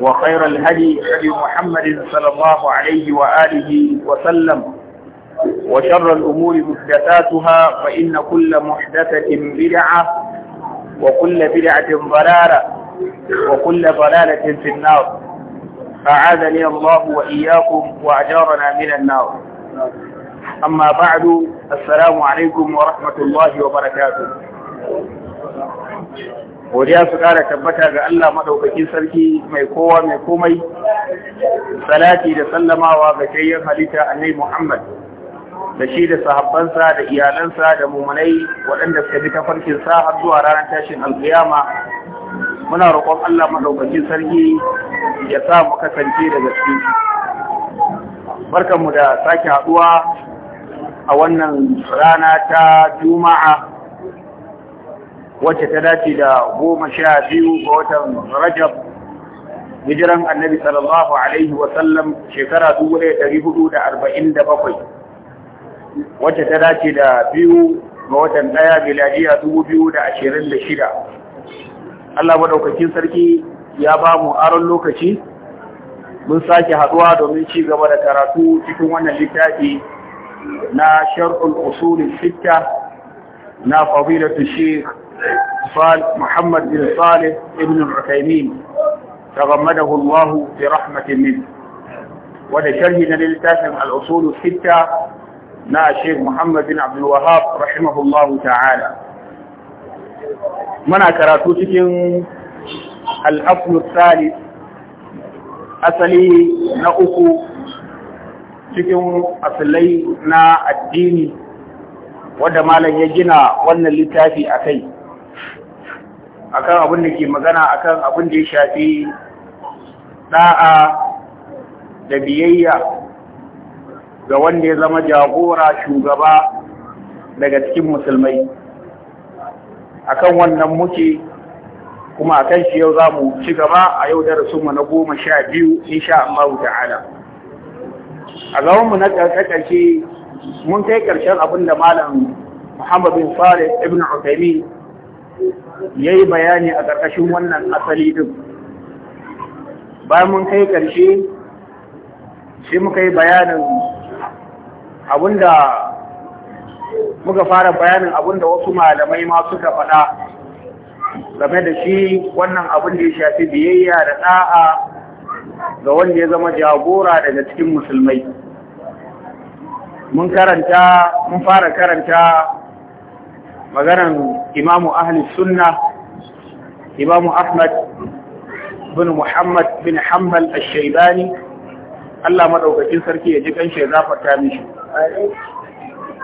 وخير الهدي هدي محمد صلى الله عليه وآله وسلم وشر الأمور محدثاتها فإن كل محدثة بدعة وكل بدعة ضلالة وكل ضلالة في النار أعاذني الله وإياكم وأجارنا من النار أما بعد السلام عليكم ورحمة الله وبركاته godiya su ƙara tabbata ga Allah maɗaukakin sarki mai kowa mai komai salati da sallamawa ga shayyar halitta a annai Muhammad da shi da sahabbansa da iyalansa da mumunai waɗanda suka bi tafarkin sa har zuwa ranar tashin alƙiyama muna roƙon Allah maɗaukakin sarki ya sa mu kasance da gaske barkanmu da sake haɗuwa a wannan rana ta juma'a wacce ta dace da goma sha biyu ga watan Rajab hijiran annabi sallallahu alaihi wasallam shekara dubu ɗaya ɗari hudu da arba'in da bakwai wacce ta dace da biyu ga watan ɗaya miladiya dubu biyu da ashirin da shida Allah maɗaukakin sarki ya ba mu aron lokaci mun sake haɗuwa domin ci gaba da karatu cikin wannan littafi na shar'ul usulin sitta na fadilatu sheikh قال محمد بن صالح ابن العثيمين تغمده الله برحمة منه ولشرهنا للتاسم الأصول الستة مع الشيخ محمد بن عبد الوهاب رحمه الله تعالى muna karatu cikin al'aflu salis asali na uku cikin asalai na addini wadda malam ya gina wannan littafi a kai akan abin da ke magana akan abin da ya shafi da'a da biyayya ga wanda ya zama jagora shugaba daga cikin musulmai akan wannan muke kuma akan shi yau za mu ci gaba a yau darasinmu na goma sha biyu insha Allah ta'ala a gabanmu na ƙarƙashe mun kai ƙarshen abin da malam Muhammad bin Salih ibn Uthaymeen ya yi bayani a ƙarƙashin wannan asali ɗin bayan mun kai ƙarshe sai muka yi bayanin abinda muka fara bayanin abinda wasu malamai ma suka faɗa game da shi wannan abin da ya shafi biyayya da ɗa'a ga wanda ya zama jagora daga cikin musulmai mun karanta mun fara karanta maganan imamu ahli sunna imamu ahmad bin muhammad bin hammal al-shaibani Allah madaukakin sarki ya ji kanshi ya zafarta mishi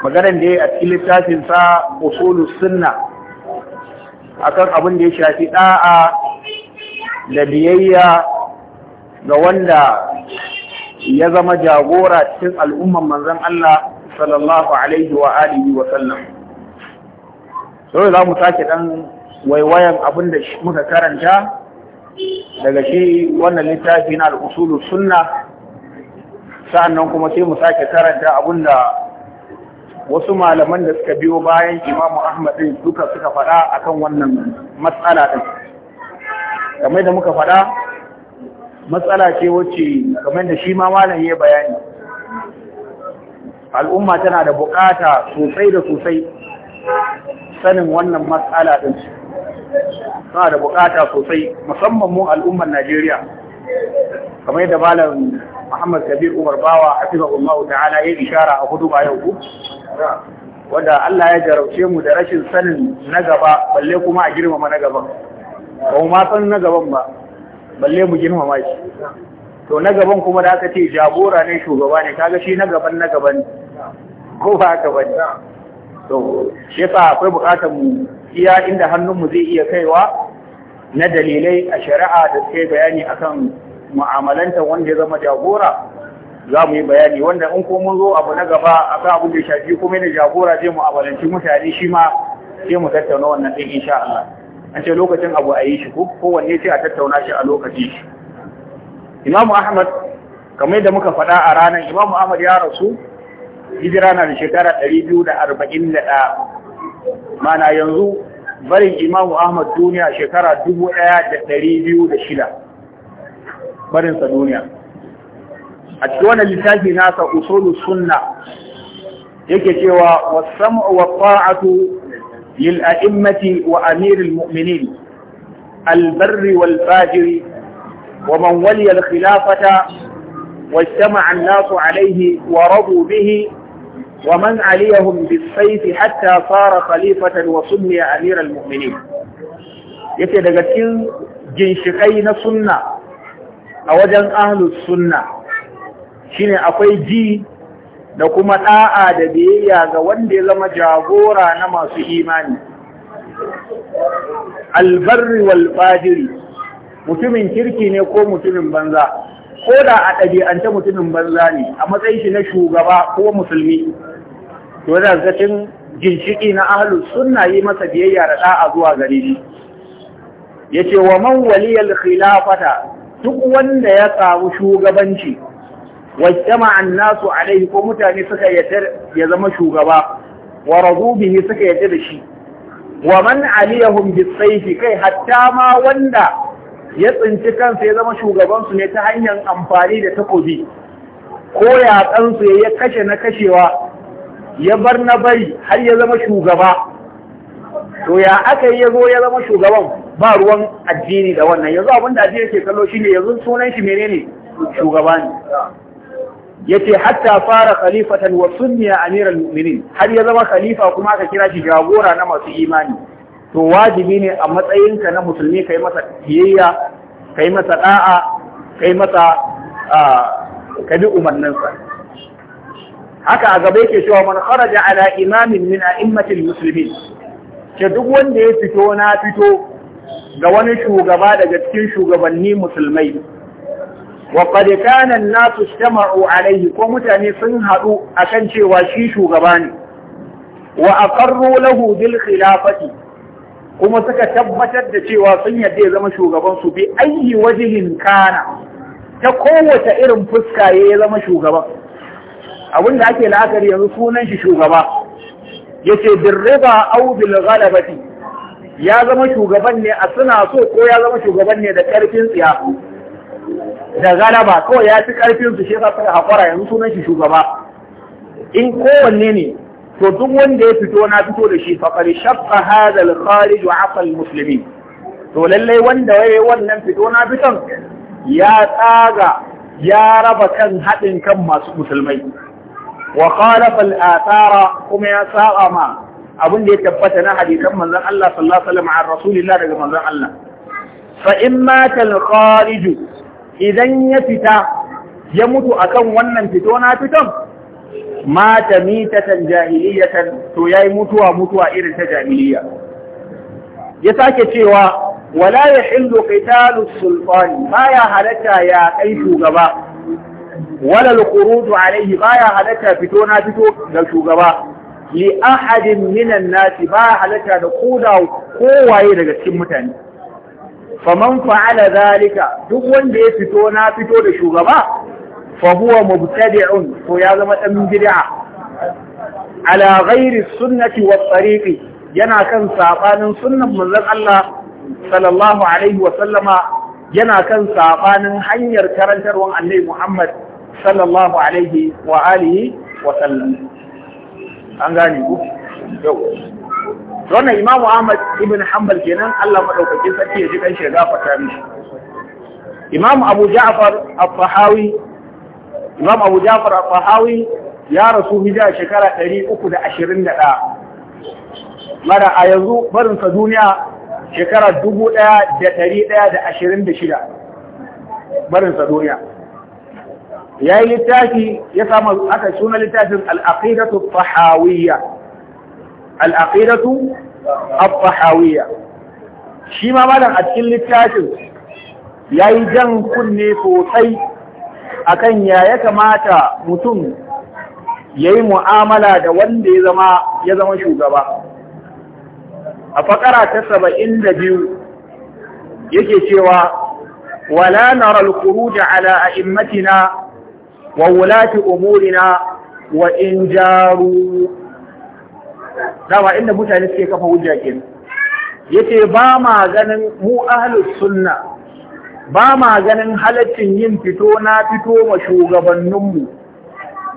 maganan da ya a cikin littafin sa usulus sunna akan abin da ya shafi ɗa'a da biyayya ga wanda ya zama jagora cikin al'umman manzon Allah sallallahu alaihi wa alihi wa sallam sau za mu sake ɗan waiwayan abin da muka karanta daga shi wannan littafi na al'usulu sunna sa'annan kuma sai mu sake karanta abin da wasu malaman da suka biyo bayan imamu ahmad duka suka faɗa akan wannan matsala ɗin kamar da muka faɗa matsala ce wacce kamar da shi ma malam ya bayani al'umma tana da bukata sosai da sosai sanin wannan matsala Su suna da buƙata sosai musamman mu al'ummar Najeriya kamar yadda malam Muhammad Kabir Umar Bawa hafizahullah ta'ala ya ishara a hudu yau ku wanda Allah ya jarauce mu da rashin sanin na gaba balle kuma a girmama na gaban ba mu ma san na gaban ba balle mu girmama shi to na gaban kuma da aka ce jagora ne shugaba ne kaga shi na gaban na gaban ko ba ka bane Yau, yasa akwai bukatar mu iya inda hannunmu zai iya kaiwa na dalilai a shari'a da suka bayani akan mu'amalanta wanda ya zama jagora za mu yi bayani wanda in ko mun zo abu na gaba a akan abin da ya shafi kuma na jagora zai mu'amalanci mutane shi ma sai mu tattauna wannan ɗin insha Allah an ce lokacin abu a yi shi ko kowanne sai a tattauna shi a lokaci Imam Ahmad kamar yadda muka faɗa a ranar Imam Ahmad ya rasu hijira na da shekara 241 mana yanzu barin imamu ahmad duniya shekara 1206 barinsa duniya a cikin wannan littafi nasa usulu sunna yake cewa wasam'u wa ta'atu lil a'immati wa amiril mu'minin البر والفاجر ومن ولي الخلافة واجتمع الناس عليه ورضوا به ومن عليهم بالسيف حتى صار خليفة وسمي أمير المؤمنين yake daga cikin ginshikai na sunna a wajen ahlus sunna shine akwai ji da kuma da'a da biyayya ga wanda ya zama jagora na masu imani albarri wal fajiri mutumin kirki ne ko mutumin banza ko da a ɗabi'ance mutumin banza ne a matsayin shi na shugaba ko musulmi to da ginshiki na ahlus sunna yi masa biyayya da da'a zuwa gare shi yace wa man waliyal khilafata duk wanda ya samu shugabanci wajtama annasu alaihi ko mutane suka yadda ya zama shugaba wa radu bihi suka yadda da shi wa man aliyahum bisayfi kai hatta ma wanda ya tsinci kansa ya zama shugabansu ne ta hanyar amfani da takobi ko ya ya kashe na kashewa ya bar na bari har ya zama shugaba to ya aka yi ya zo ya zama shugaban ba ruwan addini da wannan yanzu abin da addini ke kallo shine yanzu sunan shi menene shugaba ne yace hatta fara khalifatan wa sunniya amiral mu'minin har ya zama khalifa kuma aka kira shi jagora na masu imani to wajibi ne a matsayinka na musulmi kai masa biyayya kai masa da'a kai masa ah, ka bi umarninsa haka a gaba yake cewa man kharaja ala imamin min a'immatil muslimin Ke duk wanda ya fito na fito ga wani shugaba daga cikin shugabanni musulmai wa qad kana an-nas istama'u alayhi ko mutane sun hadu akan cewa shi shugaba ne wa aqarru lahu bil khilafati kuma suka tabbatar da cewa sun yadda ya zama shugaban su bi ayyi wajhin kana ta kowace irin fuska ya zama shugaban abin da ake la'akari yanzu sunan shi shugaba ce birriba aubil bil ya zama shugaban ne a suna so ko ya zama shugaban ne da karfin tsiya da galaba kawai ya fi karfin su shi yasa suka yanzu sunan shi shugaba in kowanne ne to duk wanda ya fito na fito da shi faqad shaqqa hadal kharij wa to lallai wanda yi wannan fito na fiton ya tsaga ya raba kan haɗin kan masu musulmai wa khalafa al-athara kuma ya saba ma abin da ya tabbata na hadisan manzon Allah sallallahu alaihi wasallam an rasulillah daga manzon Allah fa in mata kharij idan ya fita ya mutu akan wannan fito na fiton mata mitatan jahiliyatan to yayi mutuwa mutuwa irin ta jahiliya ya sake cewa wala yahillu qitalu sultani baya halatta ya kai shugaba walal khuruju alaihi baya halatta fito na fito da shugaba li ahadin minan nasi baya halatta da koda kowaye daga cikin mutane faman fa'ala zalika duk wanda ya fito na fito da shugaba fa huwa mubtadi'un ko ya zama dan bid'a ala ghairi sunnati wat tariqi yana kan sabanin sunnan manzon Allah sallallahu alaihi wa sallama yana kan sabanin hanyar karantarwan Annabi Muhammad sallallahu alaihi wa alihi wa sallam an gane ku yau wannan imamu ahmad ibn hanbal kenan Allah madaukakin sarki ya ji kan shi gafarta mishi imam abu ja'far al-fahawi imam abu ja'far al-fahawi ya rasu hijira shekara 321 mara a yanzu barinsa duniya shekara 1126 barinsa duniya ya yi littafi ya samu aka suna littafin al'aqidatu fahawiyya al'aqidatu fahawiyya shi ma malam a cikin littafin ya yi jan kunne sosai akan ya ya kamata mutum ya yi mu'amala da wanda ya zama ya zama shugaba a fakara ta saba'in da biyu yake cewa wala na ralkuru da ala wa wulati umurina wa in jaru dama inda mutane suke kafa hujja ke yace ba ma ganin mu ahlus sunna ba ma ganin halaccin yin fito na fito ma shugabanninmu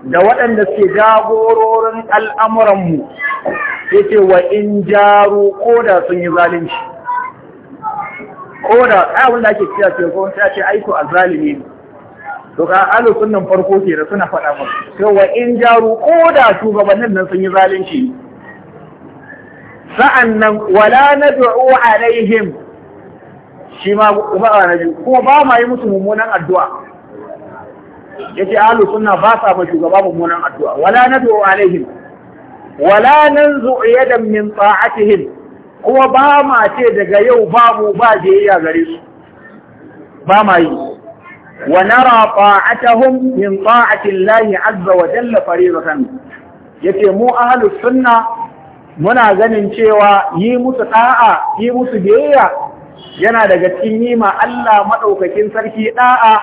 da waɗanda suke jagororin al'amuranmu ya ce wa in jaru ko da sun yi zalunci ko da ake cewa ko ce aiko a ne. to ka alu sunnan farko ke da suna faɗa to wa in jaru ko da shugabannin nan sun yi zalunci sa'annan wala nad'u alaihim shi ma ba na biyu kuma ba ma yi musu mummunan addu'a yace alu sunna ba sa ma shugaba mummunan addu'a wala nad'u alaihim wala nanzu yadan min ta'atihim kuma ba ma ce daga yau babu ba jayayya gare su ba ma yi ونرى طاعتهم من طاعة الله عز وجل فريضة yace mu ahlus sunna muna ganin cewa yi musu da'a yi musu biyayya yana daga cikin yi ma Allah madaukakin sarki da'a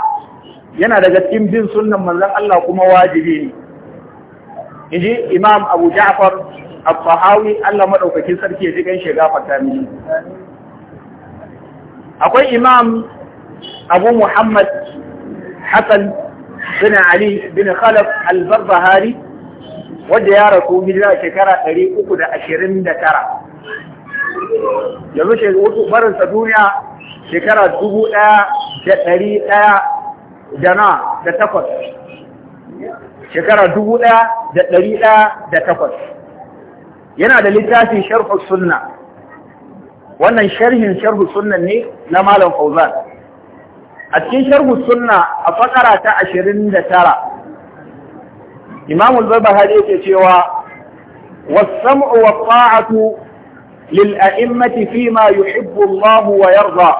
yana daga cikin bin sunnan manzon Allah kuma wajibi ne inji imam Abu Ja'far al-Tahawi Allah madaukakin sarki ya ji gan shiga fata mishi akwai imam Abu Muhammad Hassan bin ali bin khalaf al-barbahari wanda ya rasu hijira shekara 329 yanzu shi wasu barinsa duniya shekara 1100 da na da takwas shekara 1108 yana da littafin sharhu sunna wannan sharhin sharhu sunna ne na malam fauzan a cikin sharhu sunna a fakara ta ashirin da tara imam al-barbahari yake cewa was-sam'u wat-ta'atu lil-a'immati fima yuhibbu Allah wa yarda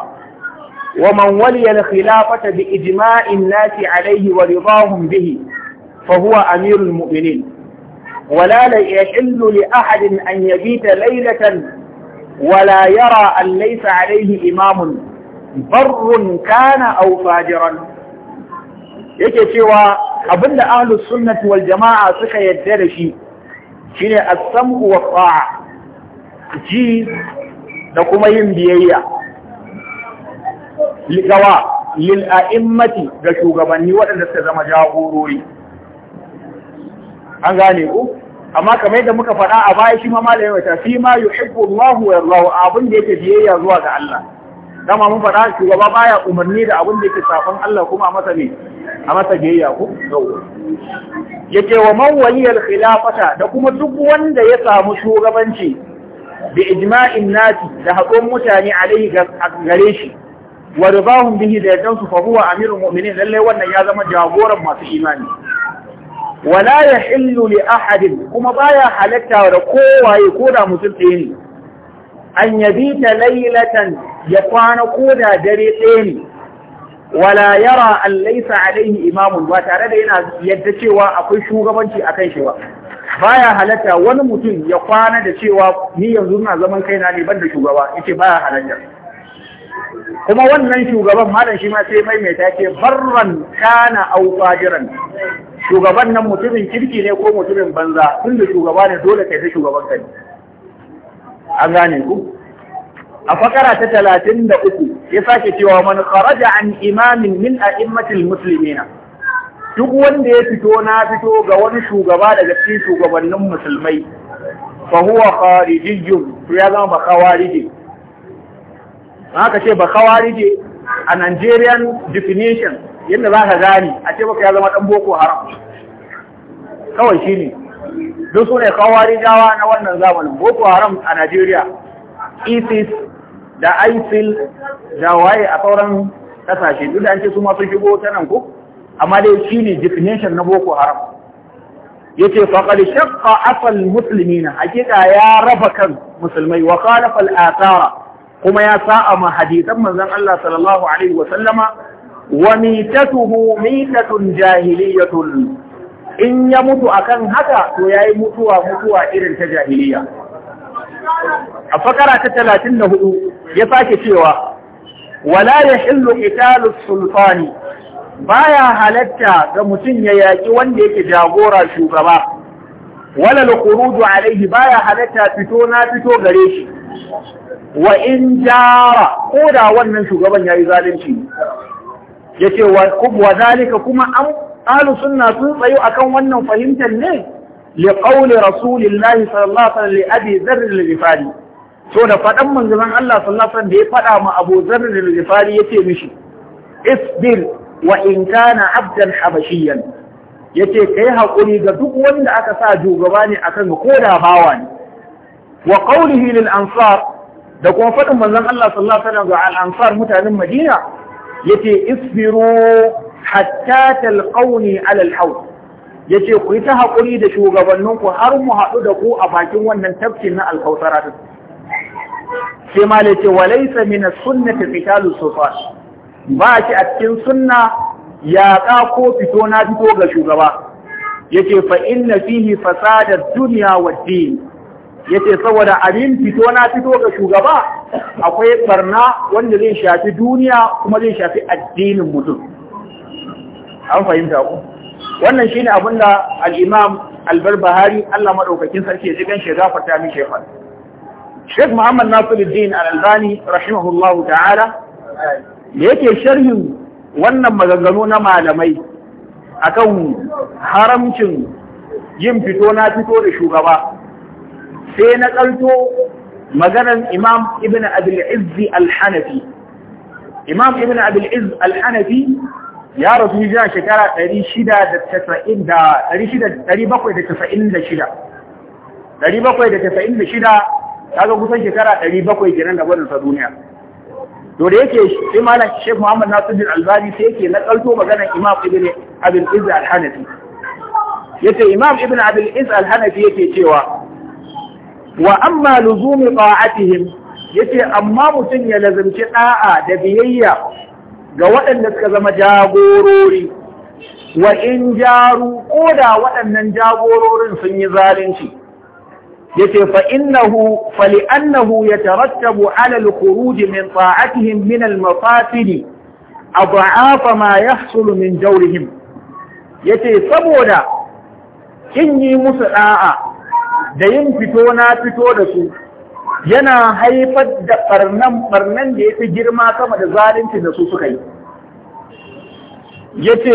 ومن ولي الخلافة بإجماع الناس عليه ورضاهم به فهو أمير المؤمنين ولا يحل لأحد أن يبيت ليلة ولا يرى أن ليس عليه إمام barrun kana au fajiran yake cewa abinda ahlus sunnati wal jama'a suka yadda da shi shine as-sam'u wa ta'a ji da kuma yin biyayya ligawa lil a'immati ga shugabanni waɗanda suka zama jagorori an gane ku amma kamar yadda muka faɗa a baya shi ma malamin wata fi ma yuhibbu Allahu wa yarda abin da yake biyayya zuwa ga Allah dama mun faɗa shugaba baya umarni da abin da yake safon Allah kuma a masa ne a masa biyayya ko yake wa man khilafata da kuma duk wanda ya samu shugabanci bi ijma'in nasi da haƙon mutane alaihi gare shi wa ribahum bihi da yadan su fa huwa amirul mu'minin lalle wannan ya zama jagoran masu imani wala yahillu li ahadin kuma baya halatta da kowaye ko da mutum ɗaya ne an ta lailatan ya kwana ko da dare ɗaya ne wala yara an laisa alaihi imamun ba tare da yana yadda cewa akwai shugabanci a kan shi ba baya halatta wani mutum ya kwana da cewa ni yanzu na zaman kaina ne ban da shugaba yace baya halatta kuma wannan shugaban malam shi ma sai maimaita ce barran kana au fajiran shugaban nan mutumin kirki ne ko mutumin banza tun da shugaba ne dole kai shugaban kai an gane ku a fakara ta talatin da uku ya sake cewa man kharaja an imamin min musulmi na." duk wanda ya fito na fito ga wani shugaba daga cikin shugabannin musulmai fa huwa kharijiyyun to ya zama khawariji haka ce bakawarije a Nigerian definition yadda za ka gani a ce baka ya zama ɗan boko haram kawai shine duk su ne kawari jawa na wannan zamanin boko haram a najeriya isis da isil da waye a sauran kasashe duk da an ce su masu shigo ta nan ko amma dai shi ne definition na boko haram ya ce faƙar shakka asal musulmi na hakika ya raba kan musulmai wa kalafal asara kuma ya sa'a ma hadisan manzon Allah sallallahu alaihi wa sallama wa mitatuhu mitatun jahiliyatun in ya mutu akan haka to ya yi mutuwa mutuwa irin ta jahiliya a fakara ta talatin da hudu ya sake cewa wala ya hillu italus sulfani baya halatta ga mutum ya yaƙi wanda yake jagora shugaba wala laihi alaihi baya halatta fito na fito gare shi wa in jara ko da wannan shugaban ya yi zalunci ce wa zalika kuma an ahlus sunna tsuntsayo tsayo akan wannan fahimtar ne li qawli rasulillah sallallahu alaihi wa abi dharr al-ghifari so da fadan manzon Allah sallallahu alaihi da ya faɗa ma Abu Dharr al-Ghifari yace mishi isbir wa in kana abdan habashiyan yace kai haƙuri ga duk wanda aka sa jugaba ne akan ko da bawa ne wa qawlihi lil ansar da kuma faɗin manzon Allah sallallahu alaihi wa al-ansar mutanen Madina yace isbiru hatta talqauni ala Ya yace ku yi ta haƙuri da shugabanninku har mu haɗu da ku a bakin wannan tafkin na alkautara din sai ma yace wa min as-sunnati qitalu ba shi a cikin sunna yaƙa ko fito na fito ga shugaba yace fa inna fihi fasada ad-dunya wad-din yace saboda abin fito na fito ga shugaba akwai barna wanda zai shafi duniya kuma zai shafi addinin mutum an fahimta ku wannan shine abin da al-imam al-barbahari Allah madaukakin sarki ya jigan shiga fata mi shefan Sheikh Muhammad Nasiruddin Al-Albani rahimahullahu ta'ala da yake sharhin wannan maganganu na malamai akan haramcin yin fito na fito da shugaba sai na kalto maganar Imam Ibn Abdul Izz Al-Hanafi Imam Ibn Abdul Izz Al-Hanafi ya rasu hijira shekara 696 kaga kusan shekara 700 ginin da barinsa duniya to da yake imanin malam Sheikh Muhammad Nasiruddin Albani sai yake na kalto maganar Imam Ibn Abdul Al-Hanafi yace Imam Ibn Abdul Al-Hanafi yake cewa wa amma luzumi ta'atihim yace amma mutum ya lazimci da'a da biyayya ga waɗanda suka zama jagorori wa in jaru ko da waɗannan jagororin sun yi zalunci yace fa Ya fali'annahu alal 'ala al-khuruj min ta'atihim min al a adha'afa ma sulu min Ya yace saboda kin yi musu ɗa'a, da yin fito na fito da su yana haifar da ɓarnan ɓarnan da ya fi girma sama da zalunci da su suka yi ya ce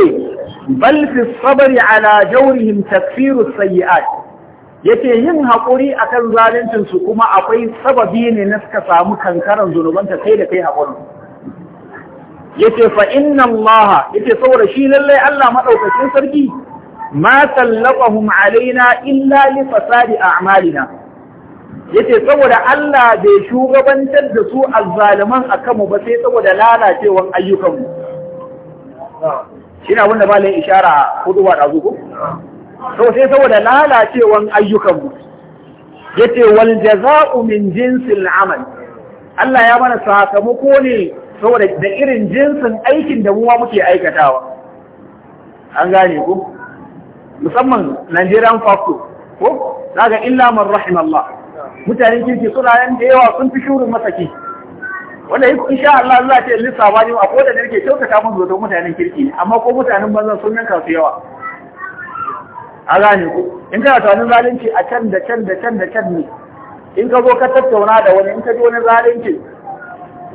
bal fi sabari ala jaurihim taksiru sayyi'at ya ce yin haƙuri a kan zaluncinsu kuma akwai sababi ne na suka samu kankaran zunubanta kai da kai haƙuri ya ce fa inna ya ce saboda shi lallai allah maɗaukacin sarki ma sallafahum alaina illa li fasadi a'malina yace saboda Allah bai shugabantar da su alzaliman a kanmu ba sai saboda lalacewan ayyukan mu shine abin da malai ishara ba da zuku to sai saboda lalacewan ayyukan mu yace wal ku min jinsil amal Allah ya mana sakamako ne saboda da irin jinsin aikin da muwa muke aikatawa an gane ku musamman Nigerian factor ko daga illa man rahimallah mutanen kirki suna nan da yawa sun fi shurin masaki wanda in sha Allah Allah ce lissafa ne akwai da nake kyautata mun zato mutanen kirki ne amma ko mutanen banza sun yanka su yawa a gane ku in kana tawani zalunci a can da can da can da can ne in ka zo ka tattauna da wani in ka ji wani zalunci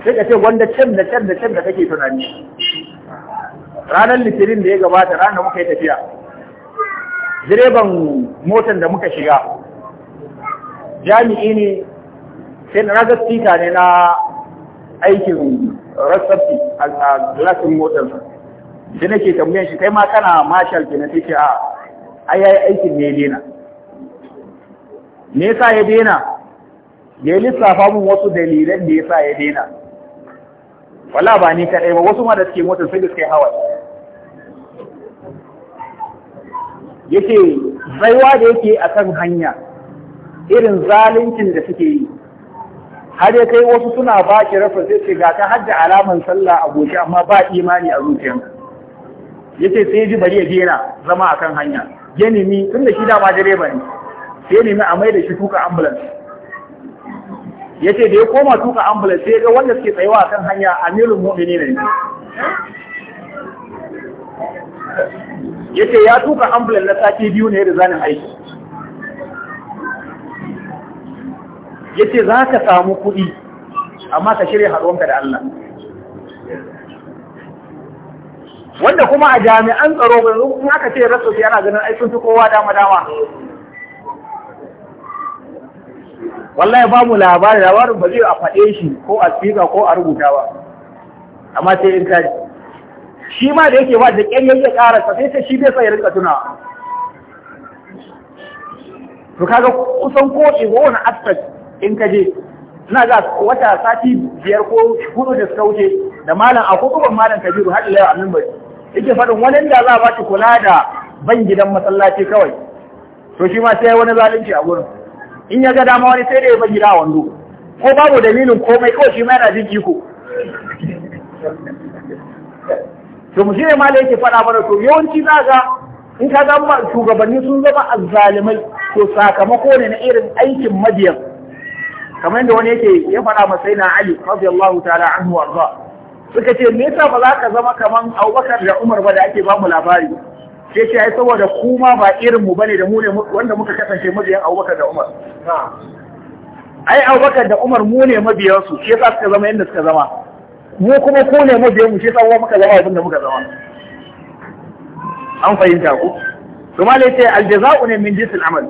sai ka ce wanda can da can da can da kake tunani ranar litinin da ya gabata ranar muka yi tafiya direban motar da muka shiga jami'i ne sai na ga tsita ne na aikin rasafi a glasin motarsa sai nake tambayan shi kai ma kana marshal ke na take a ai aikin ne dena me yasa ya dena ya lissafa mun wasu dalilan da yasa ya dena wala ba ni kadai ba wasu ma da suke motar sai suke hawa yake zaiwa da yake akan hanya irin zaluncin da suke yi har ya kai wasu suna ba ki rafa sai ce ga ta hajji alaman sallah a goshi amma ba imani a Ya ce sai ji bari ya dena zama akan hanya ya nemi da shi dama direba ne sai ya nemi a mai da shi tuka ambulance ce da ya koma tuka ambulance sai ga wanda suke tsayawa kan hanya amirul mu'minin ne yace ya tuka ambulance na sati biyu ne da zanin aiki ya ce za ka samu kuɗi amma ka shirya haɗuwanka da Allah wanda kuma a jami'an tsaro ba kuma aka ce rasu sai ganin aikin fi kowa dama dama wallahi ba mu labari labarin ba zai a faɗe shi ko a tsika ko a rubuta ba amma sai in kaji shi ma da yake ba da ƙyan yake ƙara sai ta shi bai sai ya rika tunawa to kaga kusan ko wani aspect in ka je ina ga wata sati biyar ko hudu da suka wuce da malam a kokoban malam kabiru har ila a mimbar yake faɗin wani da za a ba kula da ban gidan masallaci kawai to shi ma sai wani zalunci a gurin in ya ga dama wani sai da ya ban gida a wando ko babu dalilin komai kawai shi ma yana jin iko to mu shine malam yake faɗa mana to yawanci za ga in ka ga shugabanni sun zama azzalimai to sakamako ne na irin aikin madiyan kamar yadda wani yake ya faɗa masa yana Ali radiyallahu ta'ala anhu ba. suka ce me yasa ba za ka zama kamar Abubakar da Umar ba da ake ba mu labari sai ce ai saboda kuma ba irin mu bane da mu ne wanda muka kasance mabiyan Abubakar da Umar ai Abubakar da Umar mu ne mabiyan su sai suka zama yadda suka zama mu kuma ko ne mabiyan mu sai sa muka zama abin da muka zama an fahimta ku kuma lai ce aljaza'u ne min jinsil amal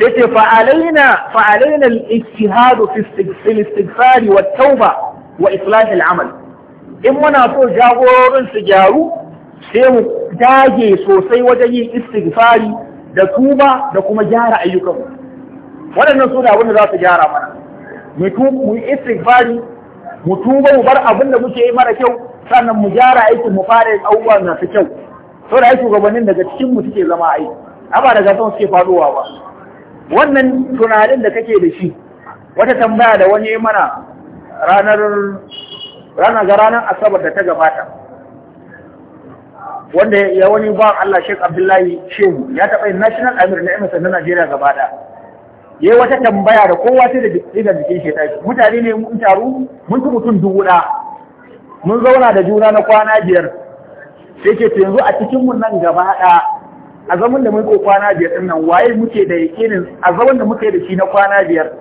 sai ce fa'alaina fa'alaina al-ijtihadu fi wa tauba wa islahi al-amal in muna so jagororin su gyaru sai mu dage sosai wajen yin istighfari da tuba da kuma gyara ayyukanmu waɗannan su da abinda za su gyara mana mu yi istighfari mu tuba mu bar abin da muke yi mara kyau sannan mu gyara aikin mu fara yin abubuwa masu kyau saboda ai shugabannin daga cikin mu suke zama A ba daga son suke faɗowa ba wannan tunanin da kake da shi wata tambaya da wani mana ranar ranar ga ranar asabar da ta gabata wanda ya wani ba Allah Sheikh Abdullahi Shehu ya taɓa yin National Amir na MSN na Najeriya gaba Ya yi wata tambaya da kowa sai da idan jikin shi tashi mutane ne mun taru mun ci mutum dubu ɗaya mun zauna da juna na kwana biyar sai ke yanzu a cikin mun nan gaba ɗaya a zaman da muke kwana biyar din nan waye muke da yakinin a zaman da muke da shi na kwana biyar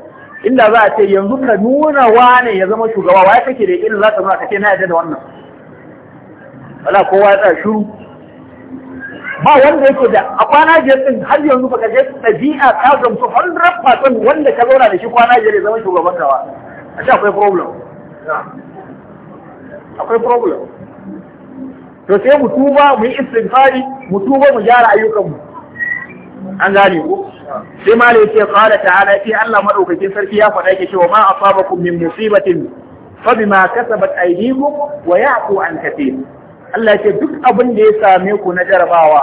inda za a ce yanzu ka nuna wane ya zama shugaba waye kake da yakinin za ka nuna ka ce na yadda da wannan wala kowa ya tsaya shiru ba wanda yake da a kwana biyar din har yanzu baka je ɗabi'a ka gamsu 100% wanda ka zauna da shi kwana biyar ya zama shugaban gawa a ce akwai problem akwai problem to sai mu tuba mu yi istighfari mu tuba mu gyara ayyukanmu an gane ku sai malai ce qala ta'ala sai Allah madaukakin sarki ya faɗa yake cewa ma asabakum min musibatin fa bima kasabat aydikum wa ya'fu an katir Allah ce duk abin da ya same ku na jarabawa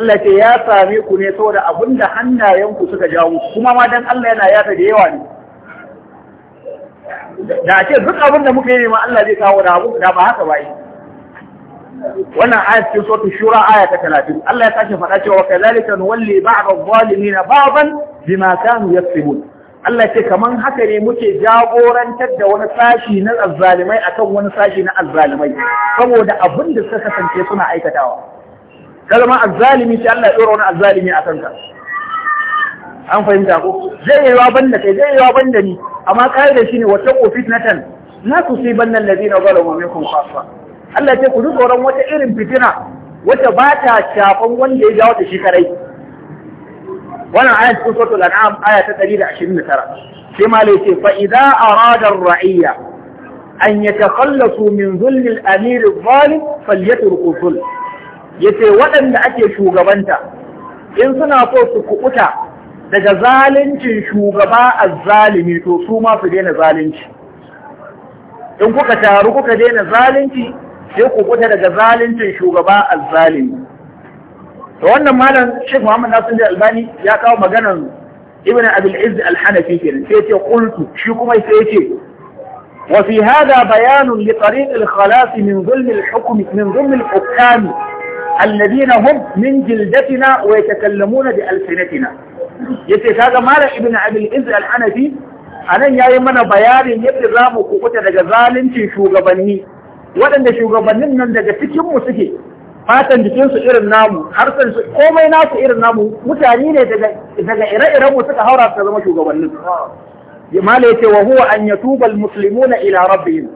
Allah ce ya same ku ne saboda abin da hannayenku suka jawo kuma ma dan Allah yana yata da yawa ne da ce duk abin da muka yi ne ma Allah zai kawo da abu da ba haka ba yi wannan aya cikin suratul shura aya ta 30 Allah ya sake faɗa cewa kazalika nuwalli ba'd adh baban ba'dan bima kanu yaktubun Allah ce kaman haka ne muke jagorantar da wani sashi na azzalimai akan wani sashi na azzalimai saboda abin da suka kasance suna aikatawa kalma azzalimi sai Allah ya dora wani azzalimi a kanka. an fahimta ko zai yi wa banda kai zai yi wa banda ni amma kai da shi ne wata ofis na tan la tusibanna alladhina zalamu minkum khassa Allah ce ku ji tsoron wata irin fitina wata ba ta shafan wanda ya jawo da shi karai wannan ayat cikin suratul an'am aya ta 129 sai ma lai ce fa idza arada ar-ra'iyya an yatakhallasu min zulmi al-amir adh-dhalim falyatruku dhulm yace waɗanda ake shugabanta in suna so su kuɓuta daga zaluncin shugaba zalimi, to su ma su daina zalunci in kuka taru kuka daina zalunci sai ku kuta daga zaluncin shugaba azzalimi to wannan malam Sheikh Muhammad Nasir Al-Albani ya kawo maganar Ibn Abil Izz Al-Hanafi kenan sai ce qultu shi kuma sai ce wa fi hada bayanun li tariq al-khalas min zulm al-hukm min zulm al-hukam alladhina hum min jildatina wa yatakallamuna bi alsinatina yace kaga malam Ibn Abil Izz Al-Hanafi anan yayi mana bayanin yadda zamu kukuta daga zaluncin shugabanni waɗanda shugabannin nan daga cikinmu suke fatan jikinsu irin namu harsan su komai nasu irin namu mutane ne daga ire-iren mu suka haura suka zama shugabannin mala ce, wa huwa an yatuba musulmuna ila rabbihim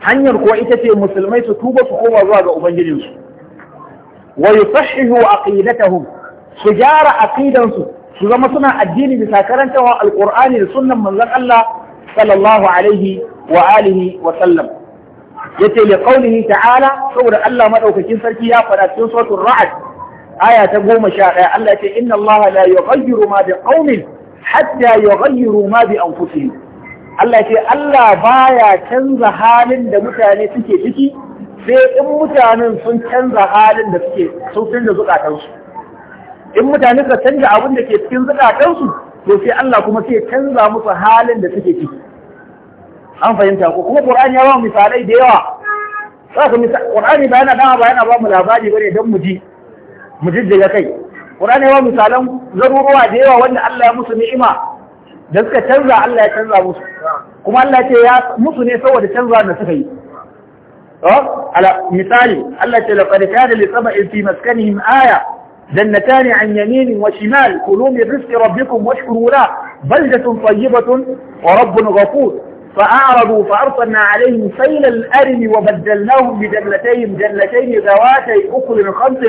hanyar ko ita ce musulmai su tuba su koma zuwa ga ubangijinsu wa yusahhihu aqidatahum su gyara aqidansu su zama suna addini bisa karantawa alqur'ani da sunnan manzon Allah sallallahu alaihi wa alihi wa sallam yace li qawlihi ta'ala saboda Allah madaukakin sarki ya faɗa cikin suratul ra'd aya ta 11 Allah yace inna Allah la yughayyiru ma bi qaumin hatta yughayyiru ma bi anfusihim Allah yace Allah baya canza halin da mutane suke ciki sai in mutanen sun canza halin da suke sun canza zukatansu in mutane suka canza abin da ke cikin zukatansu to sai Allah kuma sai canza musu halin da suke ciki an fahimta ko kuma qur'ani ya ba mu misalai da yawa saka qur'ani ba yana dawa ba yana ba mu labari bane dan mu ji mu jijjiga kai qur'ani ya ba misalan zaruruwa da yawa wanda Allah ya musu ni'ima da suka canza Allah ya canza musu kuma Allah ce ya musu ne saboda canza da suka yi oh, misali Allah ce laqad kana li sab'in fi maskanihim aya جنتان عن يمين وشمال كلوا من رزق ربكم واشكروا له بلدة طيبة ورب غفور فأعرضوا فأرسلنا عليهم سيل الأرم وبدلناهم بجلتين جلتين ذواتي أكل خمس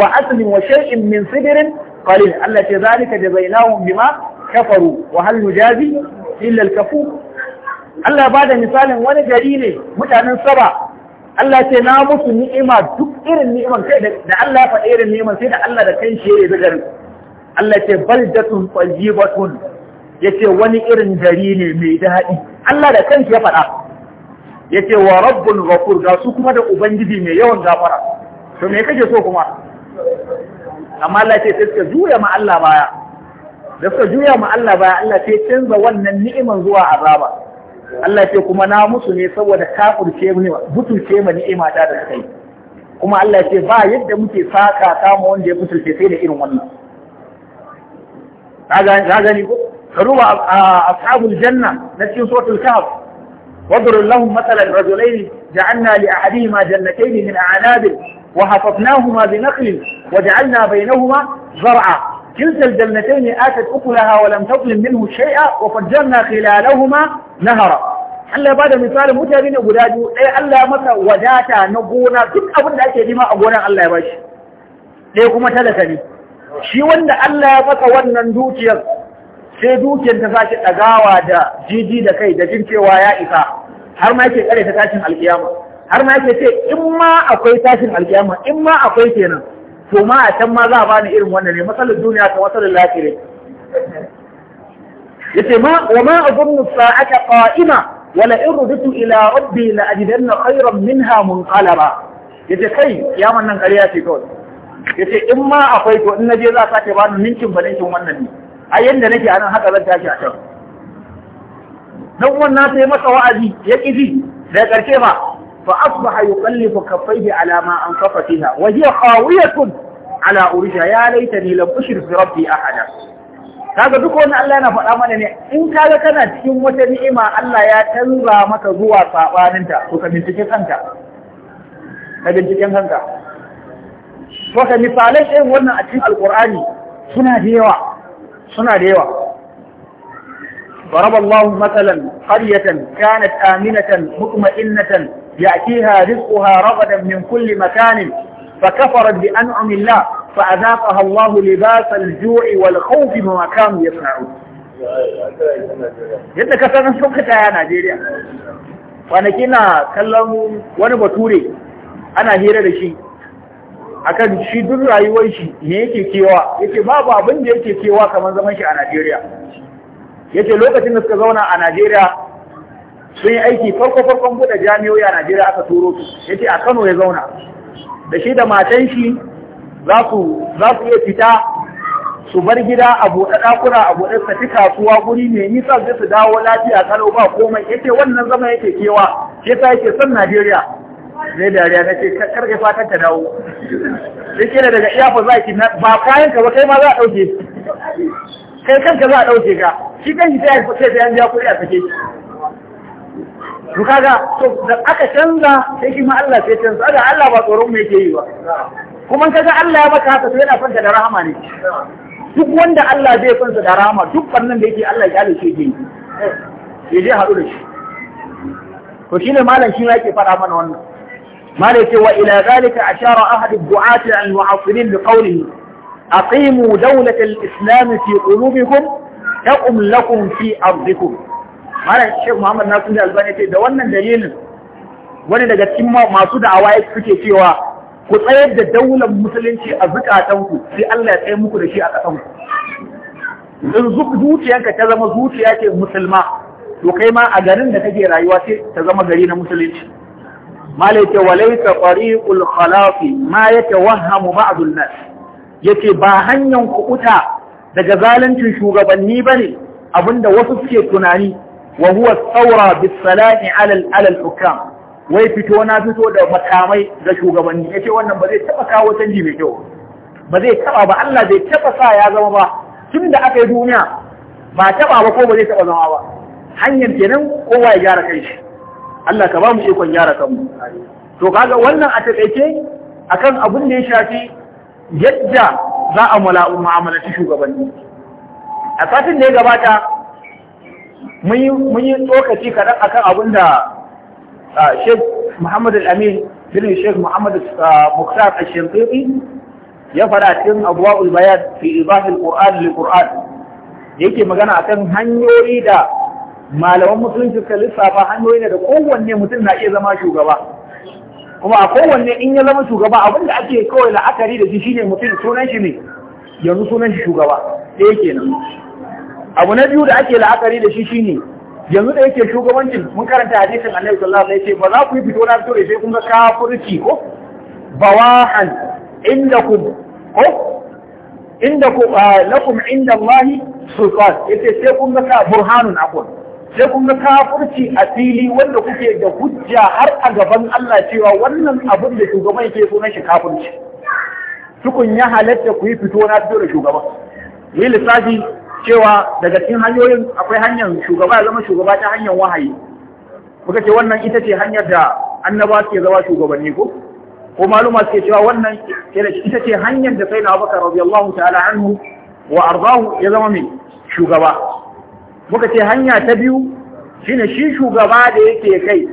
وحسن وشيء من صبر قليل ألا كذلك جزيناهم بما كفروا وهل نجازي إلا الكفور ألا بعد مثال ولا جليل متعن سبع ألا تنامس النئمة تكئر النئمة كيدا ألا فئر النئمة سيدا ألا دكين شيء بجر ألا تبلدة طيبة Ya ce wani irin gari ne mai daɗi Allah da kanki ya faɗa Ya ce wa rabbul ghafur ga su kuma da ubangiji mai yawan gafara to me kake so kuma amma Allah ce sai suka juya ma Allah baya da suka juya ma Allah baya Allah ce canza wannan ni'iman zuwa azaba Allah ce kuma na musu ne saboda mu ne butulce ma ni'ima ta da kai kuma Allah ce ba yadda muke saka kama wanda ya butulce sai da irin wannan ka gani ko ka duba ashabul janna na cikin suratul kahf واضرب لهم مثلا رجلين جعلنا لأحدهما جنتين من أعناب وحفظناهما بنخل وجعلنا بينهما زرعا كلتا الجنتين آتت أكلها ولم تظلم منه شيئا وفجرنا خلالهما نهرا Allah ba da misalin mutane ne guda biyu ɗaya Allah ya masa wadata na gona duk abin ake nima a gonan Allah ya bashi E, kuma talaka ne shi wanda Allah ya masa wannan dukiyar sai dukiyar ta sake ɗagawa da jiji da kai da jin cewa ya isa har ma yake kare ta tashin alkiyama har ma yake ce in ma akwai tashin alkiyama in ma akwai kenan to ma a can ma za a bani irin wannan ne matsalar duniya ta matsalar lafiya yace ma wa ma azunnu sa'ata qa'ima wa la in ruditu ila rabbi la ajidanna khayran minha munqalaba yace kai ya wannan ƙarya ce kawai yace in ma akwai to in naje za ka sake bani ninkin balinkin wannan ne a yadda nake a nan haka zan tashi a can dan uwan na sai masa wa'azi ya kifi da karshe ba fa asbaha yuqallibu kaffayhi ala ma anfaqa fiha wa hiya khawiyatun ala ursha ya laitani lam ushrik bi rabbi ahada kaga duk wani Allah yana faɗa mana ne in kaga kana cikin wata ni'ima Allah ya canza maka zuwa sabaninta to ka bincike kanka ka binciken kanka to ka misalai ɗin wannan a cikin alqur'ani suna da yawa suna da yawa faraballahu matsalan ƙaryatan kanat aminatan mutmainatan ya'tiha rizquha ragadan min kulli makanin fa kafarat bi an'amillah fa azaqaha Allahu libasal ju'i wal khawfi bima kanu yasna'un yadda ka san suka Najeriya kwanaki kallon wani bature ana hira da shi akan shi duk rayuwar shi ne yake kewa yake babu abin da yake kewa kamar zaman shi a Najeriya yake lokacin da suka zauna a Najeriya sun yi aiki farko farkon buɗe jami'o'i a Najeriya aka turo su yake a Kano ya zauna da shi da matan shi za su iya fita su bar gida a buɗe ɗakuna a buɗe su tafi kasuwa guri mai nisa zai su dawo lafiya kalau ba komai yake wannan zama yake kewa shi yasa yake son Najeriya ne dariya na ce karfe fatan ta dawo da ke daga iyafa za ki ba kayan ka ba kai ma za a ɗauke kai kanka za a ɗauke ka shi kan shi sai yi sai an biya kuɗi a sake to kaga to da aka canza sai shi ma Allah sai canza ga Allah ba tsoron mu yake yi ba kuma kaga Allah ya maka haka to yana son da rahama ne duk wanda Allah zai fansa da rahama duk wannan da yake Allah ya shi yake yi eh, ya je haɗu da shi to shine malam shi ma yake faɗa mana wannan ما ليك وإلى ذلك أشار أحد الدعاة المعاصرين بقوله أقيموا دولة الإسلام في قلوبكم تقم لكم في أرضكم ما ليك الشيخ محمد ناصر الألباني ده وانا دليل wani daga cikin masu da'awa ya suke cewa ku tsayar da daular musulunci a zukatanku sai Allah ya tsaye muku da shi a ƙasanku in zuciyanka ta zama zuciya ce musulma to kai ma a garin da kake rayuwa ce ta zama gari na musulunci malaita walaita ƙwariƙul khalafi ma ya tawahamu ba'adun nas yake ba hanyar kuɓuta daga zaluncin shugabanni ba ne abinda wasu suke tunani wa huwa tsaura bisalani alal alal hukam wai fito na fito da makamai ga shugabanni yace wannan ba zai taɓa kawo canji mai kyau ba zai taɓa ba Allah zai taɓa sa ya zama ba tun da aka yi duniya ba taɓa ba ko ba zai taɓa zama ba hanyar kenan kowa ya gyara kai shi Allah ka ba mu ikon gyara kanmu to kaga wannan a taƙaice akan abin da ya shafi yadda za a mu'amalaci shugabanni a satin da ya gabata mun yi tsokaci kaɗan akan abin da Sheikh Muhammad Al-Amin bin Sheikh Muhammad Mukhtar Al-Shinqiti ya fara cikin Abwaul Bayan fi Ibahil Qur'an lil Qur'an yake magana akan hanyoyi da malaman musulunci suka lissafa hanyoyi ne da kowanne mutum na iya zama shugaba kuma a kowanne in ya zama shugaba abin da ake kawai la'akari da shi shine mutum sunan shi ne yanzu sunan shi shugaba ɗaya kenan abu na biyu da ake la'akari da shi shine yanzu da yake shugabancin mun karanta hadisin annabi sallallahu alaihi wasallam ba za ku yi fito na fito da sai kun ga kafirci ko bawahan indakum ko indakum ah, lakum inda Allah sultan yace sai kun ga burhanun akwai sai kun ga kafurci a fili wanda kuke da hujja har a gaban Allah cewa wannan abin da shugaban ke so na shi kafurci tukun ya halatta ku yi fito na fito da shugaban yi lissafi cewa daga cikin hanyoyin akwai hanyar shugaba ya zama shugaba ta hanyar wahayi muka ce wannan ita ce hanyar da annaba suke zama shugabanni ko ko maluma suke cewa wannan ita ce hanyar da sai na abubakar radiyallahu ta'ala anhu wa arzahu ya zama mai shugaba muka ce hanya ta biyu shi ne shi shugaba da yake kai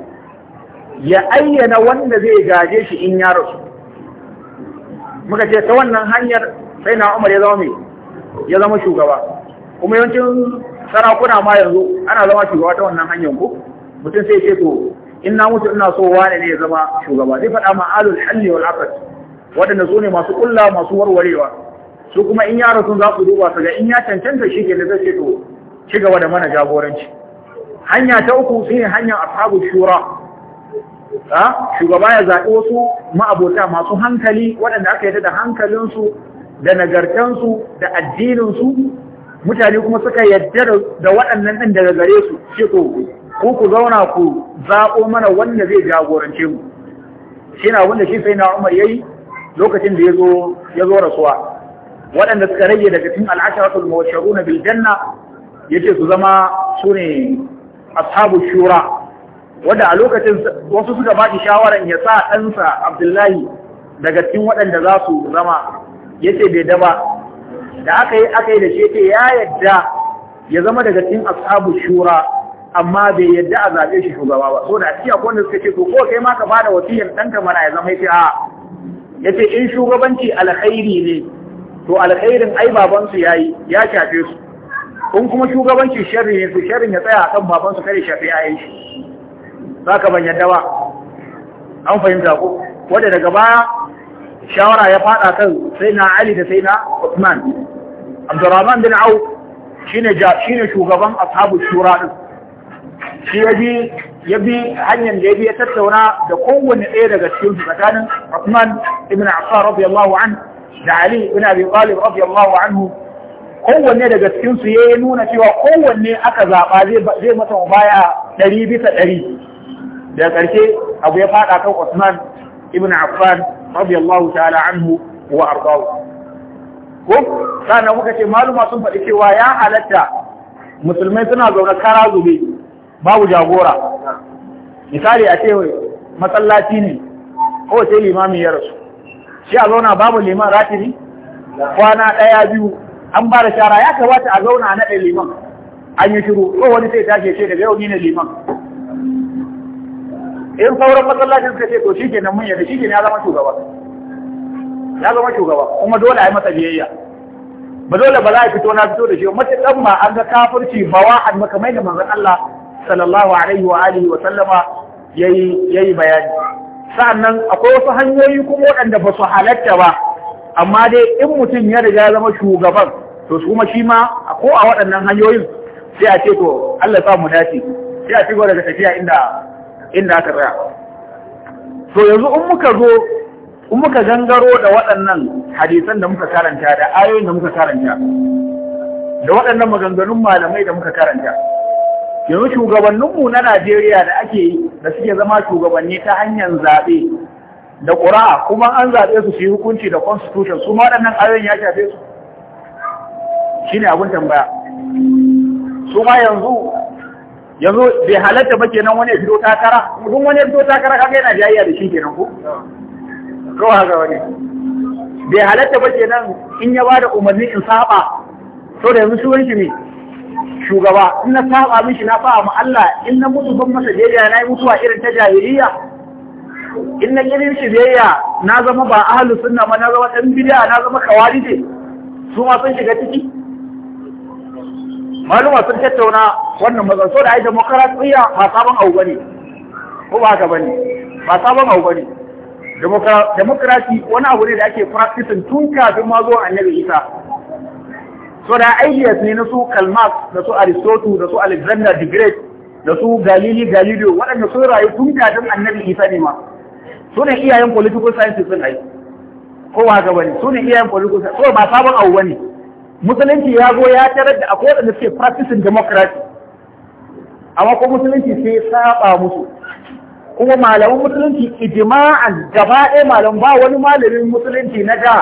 ya ayyana wanda zai gaje shi in ya rasu muka ce ta wannan hanyar sai na umar ya zama mai ya zama shugaba kuma yawancin sarakuna ma yanzu ana zama shugaba ta wannan hanyar ku mutum sai ce to in na mutu ina so wane ne ya zama shugaba zai faɗa ma alul halli wal aqd waɗanda su ne masu ƙulla masu warwarewa su kuma in yaro sun za su duba su ga in ya cancanta shi ke da zai ce to ci gaba da mana jagoranci hanya ta uku shine hanyar ashabu shura shugaba ya zaɓi wasu ma'abota masu hankali waɗanda aka yarda da hankalinsu da nagartansu da addininsu mutane kuma suka yarda da waɗannan ɗin daga gare su ce ko ku zauna ku zaɓo mana wanda zai jagorance mu shi na wanda shi sai na umar yayi lokacin da ya zo rasuwa waɗanda suka rage daga cikin al'asharatul mawasharuna bil janna yace su zama sune ashabu shura wanda a lokacin wasu suka baki shawaran ya sa ɗansa Abdullahi daga cikin waɗanda za su zama yace bai daba da aka yi aka yi da shi yace ya yadda ya zama daga cikin ashabu shura amma bai yadda a zaɓe shi shugaba ba so da a cikin wanda suka ce to ko kai ma ka bada wasiyar ɗanka mana ya zama yace a yace in shugabanci alkhairi ne to alkhairin ai babansu yayi ya shafe su in kuma shugabancin sharri ne su ya tsaya a kan babansu kare shafi yi shi za ka ban yadda ba an fahimta ko wadda daga baya shawara ya fada kan sai na ali da sai na usman abdurrahman bin au shi ne shugaban ashabu shura din shi ya bi ya bi hanyar da ya bi ya tattauna da kowane ɗaya daga cikin su tsakanin usman ibn affan radiyallahu an da ali ibn abi talib radiyallahu anhu kowanne daga cikin su ya nuna cewa kowanne aka zaɓa zai masa baya ɗari bisa ɗari da ƙarshe abu ya faɗa kan Usman ibn Affan radiyallahu ta'ala anhu wa ardahu ko sannan muka ce maluma sun faɗi cewa ya halatta musulmai suna zaune kara zube babu jagora misali a ce masallaci ne ko sai limami ya rasu shi a zauna babu liman ratiri kwana ɗaya biyu an ba da shara ya kamata a zauna a naɗe liman an yi shiru ko wani sai tashi ce daga yau ni ne liman in sauran masallacin suka ce to shi kenan mun yadda shi kenan ya zama shugaba ya zama shugaba kuma dole a yi masa biyayya ba dole ba za a fito na fito da shi matuƙan ma an ga kafirci ba wa an maka mai da manzon Allah sallallahu alaihi wa alihi wa sallama yayi yayi bayani sa'annan akwai wasu hanyoyi kuma waɗanda ba su halatta ba amma dai in mutum ya riga ya zama shugaban to su kuma shi ma ko a waɗannan hanyoyin sai a ce to Allah ya mu dace sai a cigaba daga tafiya inda inda aka tsaya to yanzu in muka zo in muka gangaro da waɗannan hadisan da muka karanta da ayoyin da muka karanta da waɗannan maganganun malamai da muka karanta yanzu shugabanninmu na Najeriya da ake da suke zama shugabanni ta hanyar zaɓe da ƙura'a kuma an zaɓe su su yi hukunci da constitution su ma waɗannan ayoyin ya shafe su ne abin tambaya su ma yanzu yanzu bai halatta ba kenan wani fito takara duk wani fito takara kaga yana jayayya da shi kenan ko kawai haka wani bai halatta ba kenan in ya bada umarni in saba sau da yanzu shugaban shi ne shugaba in na saba mishi na fa'a ma Allah in na mutu ban masa jeriya na yi mutuwa irin ta jahiliya in na kirin shi biyayya na zama ba ahlus sunna ba na zama dan bid'a na zama ne su ma sun shiga ciki maluma sun tattauna wannan matsalar so da ai demokaratiyya ba sabon abu bane ko ba ba bane ba sabon abu bane demokrasi wani abu ne da ake practicing tun kafin ma zuwa annabi Isa so da ideas ne na su Kalmas, da su Aristotle da su Alexander the Great da su galili Galileo waɗanda sun rayu tun kafin annabi Isa ne ma su ne iyayen political sciences sun ai ko ba ga bane su ne iyayen political sciences ko ba sabon abu bane musulunci ya zo ya tarar da akwai wanda suke practicing democracy amma ko musulunci sai saba musu kuma malaman musulunci ijma'an gaba ɗaya malam ba wani malamin musulunci na da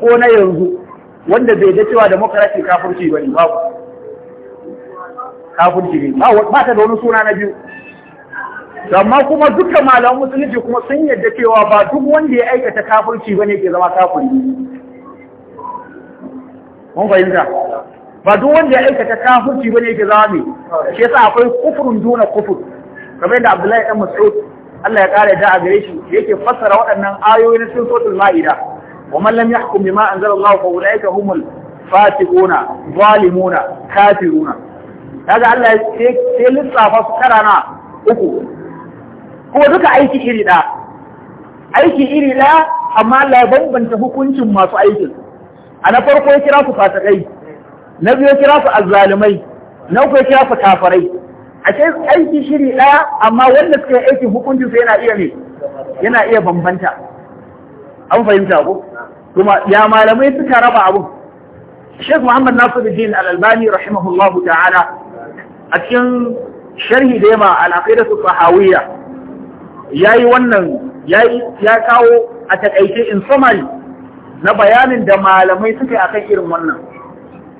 ko na yanzu wanda bai da cewa democracy kafirci bane babu kafirci ne ba ta da wani suna na biyu amma kuma duka malaman musulunci kuma sun yadda cewa ba duk wanda ya aikata kafirci bane ke zama kafiri mun fahimta ba duk wanda ya aikata kafirci bane ke zama ne, shi yasa akwai kufurin duna kufur kamar yadda Abdullahi dan Mas'ud Allah ya kare da a gare shi yake fassara waɗannan ayoyi na cikin suratul Ma'ida wa man lam yahkum bima anzalallahu fa ulaika humul fasiquna zalimuna kafiruna kaga Allah ya ce lissafa su na uku kuma duka aiki iri ɗaya aiki iri ɗaya amma la bambanta hukuncin masu aikin a na farko ya kira su fasikai na biyu ya kira su azzalumai na uku ya kira su kafirai a ce aiki shiri ɗaya amma wanda suka yi aikin hukuncin sai yana iya ne yana iya bambanta an fahimta ko kuma ya malamai suka raba abu Sheikh Muhammad Nasiruddin Al-Albani rahimahullahu ta'ala a cikin sharhi da yama al-aqidatu sahawiyya Ya yi wannan ya kawo a takaice in summary na bayanin da malamai suke akan irin wannan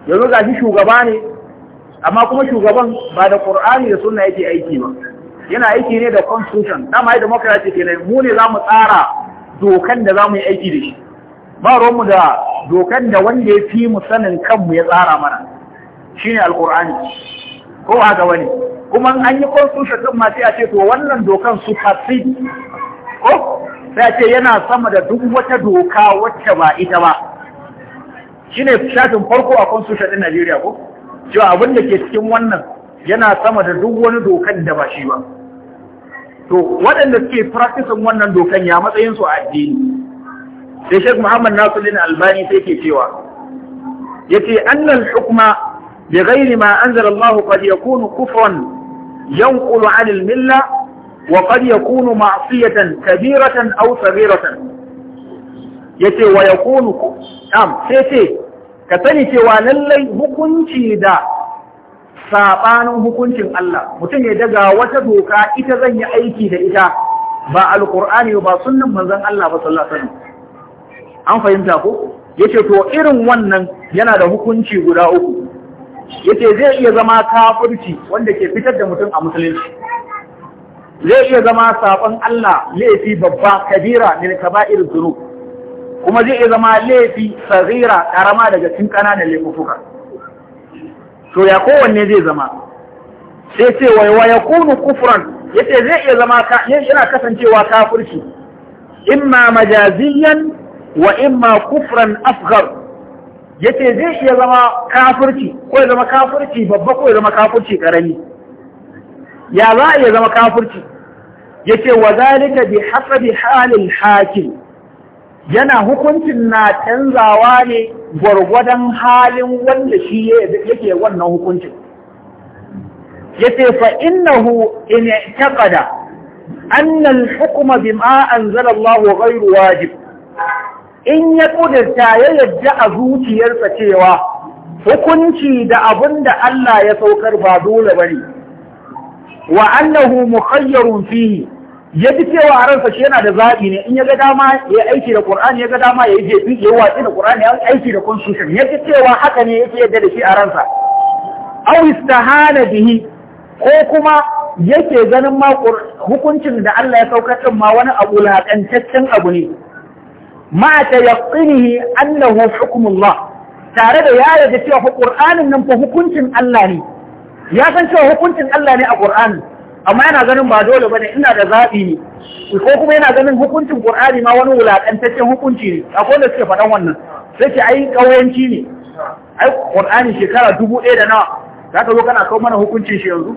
yanzu gashi shugaba ne amma kuma shugaban ba da ƙur'ani da suna yake aiki ba yana aiki ne da constitution dama ai democracy kenan mu ne mu tsara dokan da za mu yi aiki da shi ba ruwanmu da dokan da wanda ya fi mu sanin kanmu ya tsara mana shine alqur'ani ko haka wani kuma an yi constitution din ma sai a ce to wannan dokan su hasi ko sai a ce yana sama da duk wata doka wacce ba ita ba Shi ne shafin farko a constitution din Najeriya ko cewa abin da ke cikin wannan yana sama da duk wani dokan da ba shi ba to waɗanda suke practicing wannan dokan ya matsayin su a addini sai Sheikh Muhammad Nasiruddin Albani sai ke cewa yace annal hukma a ma أنزل الله قد يكون كفرا ينقل عن الملة وقد يكون معصية كبيرة أو صغيرة yace wa yakunu am sai ce ka sani cewa lallai hukunci da saɓanin hukuncin Allah mutum ya daga wata doka ita zan yi aiki da ita ba alqur'ani ba sunnan manzon Allah ba sallallahu an fahimta ko yace to irin wannan yana da hukunci guda uku yace zai iya zama kafirci wanda ke fitar da mutum a musulunci zai iya zama saƙon Allah laifi babba kabira min kaba'ir dhunub kuma zai iya zama laifi saghira karama daga cikin kananan laifuka to ya kowanne zai zama sai ce wa yakunu kufran yace zai iya zama yana kasancewa kafirci imma majaziyan wa imma kufran asghar yace zai iya zama kafirci ko ya zama kafirci babba ko ya zama kafirci karami ya za a iya zama kafirci yace wa zalika bi hasabi halin hakim yana hukuncin na canzawa ne gwargwadon halin wanda shi yake wannan hukuncin yace fa innahu in i'taqada anna al-hukma bima anzala Allah ghayru wajib in ya ƙudurta ya yadda a zuciyarsa cewa hukunci da abin da Allah ya saukar ba dole ba ne, wa annahu mukhayyarun fihi ya ji cewa a ransa shi yana da zaɓi ne in ya ga dama ya aiki da Qur'ani ya ga dama ya yi jefi ya watsi da Qur'ani ya aiki da constitution ya ji cewa haka ne ya fi yadda da shi a ransa aw istahana bihi ko kuma yake ganin ma hukuncin da Allah ya saukar din ma wani abu laƙantaccen abu ne ma ta yaqinihi annahu hukmullah tare da ya da cewa Qur'anin nan fa hukuncin Allah ne ya san cewa hukuncin Allah ne a Qur'ani amma yana ganin ba dole bane ina da zabi ne ko kuma yana ganin hukuncin Qur'ani ma wani wulakantaccen hukunci ne akwai da suke faɗan wannan sai ce ai kauyanci ne ai Qur'ani shekara dubu ɗaya da nawa za ka zo kana kawo mana hukuncin shi yanzu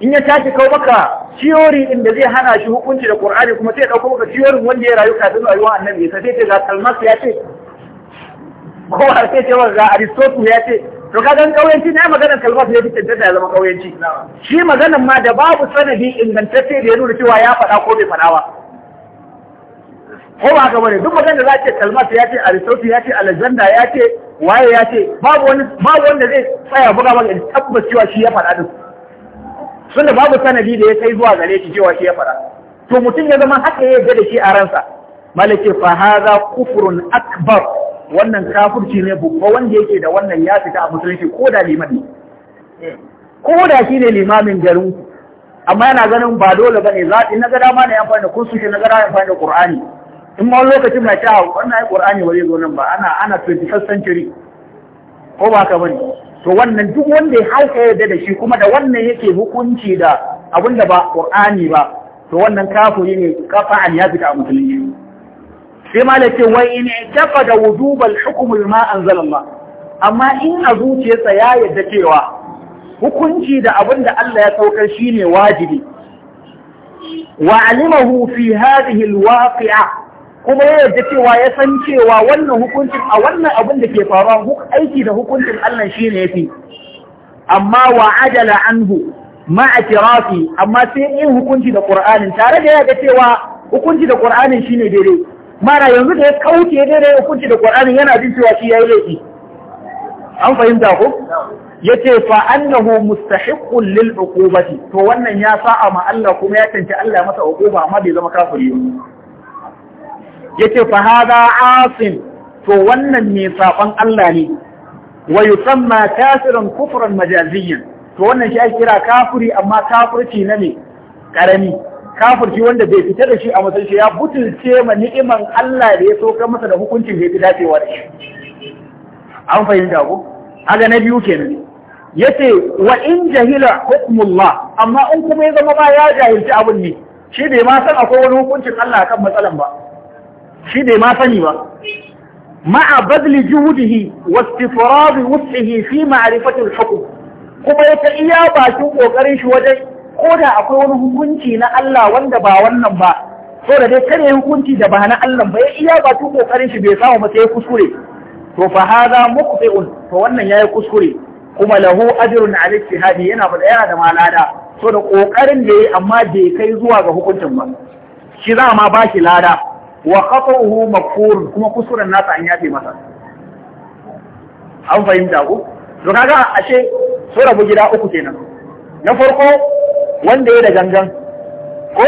in ya tashi kawo maka ciyori inda zai hana shi hukunci da Qur'ani kuma sai ya dauko maka ciyorin wanda ya rayu kafin rayuwar annabi sai sai ga Kalmas ya ce ko har sai ce ga Aristotle ya ce to ka dan kauyanci na maganar Kalmas ya fice da zama kauyanci shi maganar ma da babu sanadi ingantacce da ya nuna cewa ya faɗa ko bai faɗa ba ko ba ka bane duk maganar da za ce Kalmas ya ce Aristotle ya ce Alexander ya ce waye ya ce babu wani babu wanda zai tsaya buga maka tabbas cewa shi ya faɗa duk tunda babu sanadi da ya kai zuwa gare shi cewa shi ya fara to mutum ya zama haka ya da shi a ransa malake fa hadha kufrun akbar wannan kafirci ne babba wanda yake da wannan ya fita a musulunci ko da liman ne ko da shi ne limamin garin amma yana ganin ba dole bane zaɓi na gada ma na amfani da kunsushi na gada amfani da qur'ani in ma lokacin na ta ah, wannan ai qur'ani ba zai zo nan ba ana ana 21st century ko ba ka bane to wannan duk wanda ya hauka yarda da shi kuma da wannan yake hukunci da abin da ba qur'ani ba to wannan kafiri ne kafa'an ya fita a musulunci sai malaka wa in i'taqada wujubal hukm ma anzala Allah amma in a zuciyarsa ya yarda cewa hukunci da abin da Allah ya saukar shine wajibi wa alimahu fi hadhihi alwaqi'a kuma ya yarda cewa ya san cewa wannan hukuncin a wannan abin da ke faruwa aiki da hukuncin Allah shi ne yafi amma wa ajala anhu ma atirafi amma sai yin hukunci da Qur'anin tare da ya ga cewa hukunci da Qur'anin ne daidai mara yanzu da ya kauce daidai hukunci da Qur'anin yana jin cewa shi yayi laifi an fahimta ko yace fa annahu mustahiqqun lil uqubati to wannan ya sa'a ma Allah kuma ya tantance Allah masa uquba amma bai zama kafiri ba yace fa hada asin to wannan ne saban Allah ne wa yusamma kafiran kufran majaziyyan to wannan shi ake kira kafiri amma kafirci na ne karami kafirci wanda bai fita da shi a matsayin ya butulce ma ni'iman Allah da ya saukar masa da hukuncin da ya fi dacewa da shi an fahimta ko aga na biyu kenan yace wa in jahila hukmullah amma in kuma ya zama ba ya jahilci abin ne shi bai ma san akwai wani hukuncin Allah kan matsalan ba shi bai ma sani ba ma'a bazli juhudihi wa istifradi wus'ihi fi ma'rifati al-hukm kuma yake iya bakin kokarin shi wajen ko da akwai wani hukunci na Allah wanda ba wannan ba so da dai kare hukunci da ba na Allah ba ya iya bakin kokarin shi bai samu ba sai kuskure to fa hadha muqti'un to wannan yayi kuskure kuma lahu ajrun 'ala ijtihadi yana ba yana da malada so da kokarin da yayi amma bai kai zuwa ga hukuncin ba shi za ma ba shi lada wa khata'uhu maghfur kuma kusuran nasa an yafe masa an fahimta ku to kaga ashe so rabu gida uku kenan na farko wanda ya da gangan ko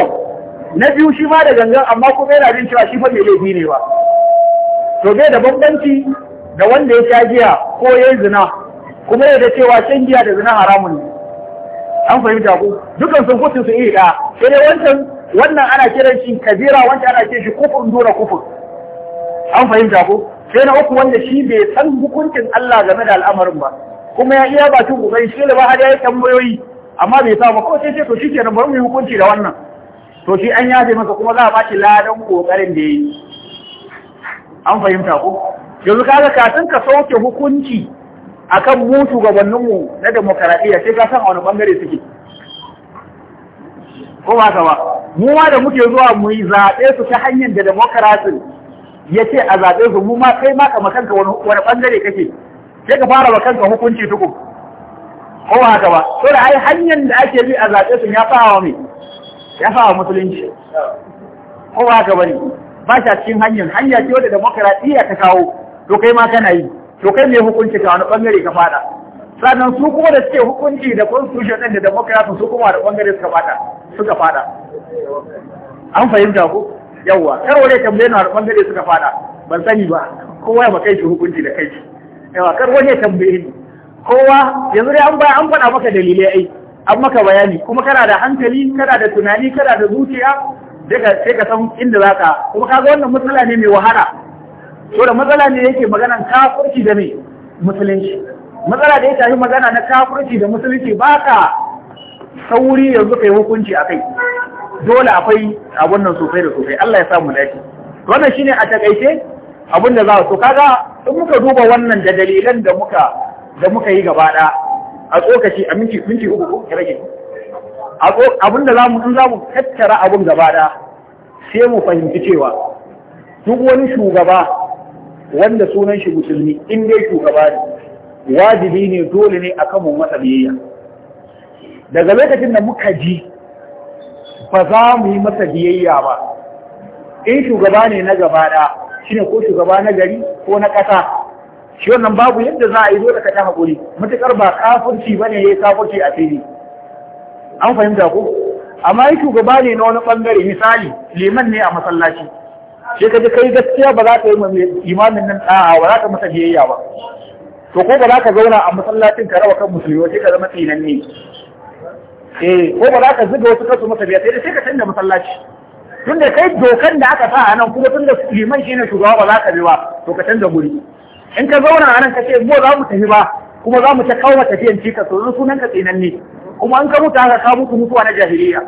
na biyu shi ma da gangan amma kuma yana jin cewa shi fa mai laifi ne ba to bai da bambanci da wanda ya sha giya ko yayi zina kuma ya da cewa shan giya da zina haramun ne an fahimta ku dukan sun kusin su iya ɗaya sai dai wancan wannan ana kiran shi kabira wanda ana kiran shi kufur dole kufur an fahimta ko sai na uku wanda shi bai san hukuncin Allah game da al'amarin ba kuma ya iya bakin kokari shi ba har ya yi tambayoyi amma bai sa ba ko sai sai to shikenan bari mu yi hukunci da wannan to shi an yafe masa kuma za a baki ladan kokarin da yayi an fahimta ko yanzu kaga kafin ka sauke hukunci akan mu shugabanninmu na demokaradiyya sai ka san a wani bangare suke ko ba ka ba mu ma da muke zuwa mu yi zaɓe su ta hanyar da demokarasi ya ce a zaɓe su mu ma kai ma makanka wani ɓangare kake sai ka fara makanka hukunci tukun ko haka ba to da ai hanyar da ake bi a zaɓe su ya fawa mai ya fawa musulunci ko ba ne, ba shi cikin hanyar hanya ce wadda demokarasiya ta kawo to kai ma kana yi to kai mai hukunci ta wani ɓangare ka fada sannan su kuma da suke hukunci da constitution ɗin da demokarasi su kuma da ɓangare suka fada suka fada an fahimta ko yawwa kar wani tambaye na bangare suka fada ban sani ba kowa ya makai shi hukunci da kai yawa kar wani tambaye ni kowa yanzu dai an ba an faɗa maka dalilai ai an maka bayani kuma kana da hankali kana da tunani kana da zuciya daga sai ka san inda zaka kuma kaga wannan matsala ne mai wahala to da matsala ne yake magana kafirci da me musulunci matsala da ya magana na kafirci da musulunci ba ka sauri yanzu kai hukunci a kai dole akwai abun nan sosai da sosai Allah ya sa mu dace wannan shine a takaice abun da za su kaga in muka duba wannan da dalilan da muka da muka yi gaba da a tsokaci a minti minti uku ko rage abun da zamu in zamu tattara abun gaba da sai mu fahimci cewa duk wani shugaba wanda sunan shi musulmi in dai shugaba ne wajibi ne dole ne akan mu masa biyayya daga lokacin da muka ji ba za mu yi masa biyayya ba in shugaba ne na gaba da shine ko shugaba na gari ko na ƙasa shi wannan babu yadda za a yi dole ka ta haƙuri matuƙar ba kafurci ba ne ya yi kafurci a fili an fahimta ko amma yi shugaba ne na wani ɓangare misali liman ne a masallaci shi ka ji kai gaskiya ba za ka yi imamin nan ɗa'a ba za ka masa biyayya ba to ko ba za ka zauna a masallacin ka raba kan musulmi sai ka zama tsinan ne eh ko ba za ka zuga wasu kasu maka sai da sai ka canza masallaci tunda kai dokan da aka sa a nan kuma da liman ne shugaba ba za ka bi ba to ka canza guri in ka zauna a nan ka ce mu za mu tafi ba kuma za mu ta kawo tafiyan cika to nan sunan ka tsinanne kuma in ka mutu haka ka mutu mutuwa na jahiliya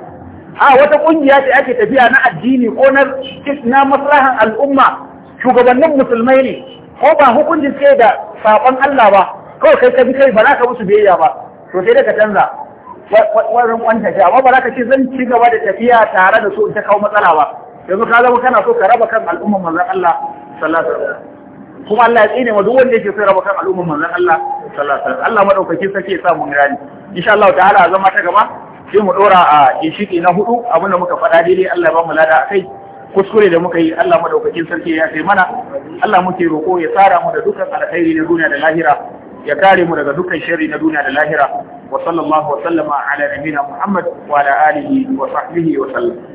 a wata kungiya ce ake tafiya na addini ko na na maslahan al'umma shugabannin musulmai ne ko ba hukunci sai da sabon Allah ba kawai kai ka bi kai ba za ka musu biyayya ba to sai da ka canza warin wanda ta amma ba za ka ce zan ci gaba da tafiya tare da su in ta kawo matsala ba yanzu ka zama kana so ka raba kan al'umman manzon Allah sallallahu alaihi wasallam kuma Allah ya tsine ma duk wanda yake so raba kan al'umman manzon Allah sallallahu alaihi wasallam Allah madaukakin sarki ya sa mun gani insha Allah ta'ala zama ta gaba sai mu dora a ginshiki na hudu abinda muka faɗa daidai Allah ya ba mu lada akai kuskure da muka yi Allah madaukakin sarki ya sai mana Allah muke roƙo ya tsara mu da dukkan alkhairi na duniya da lahira ya kare mu daga dukkan sharri na duniya da lahira wa sallallahu wa sallama ala nabiyina Muhammad wa ala alihi wa sahbihi wa sallam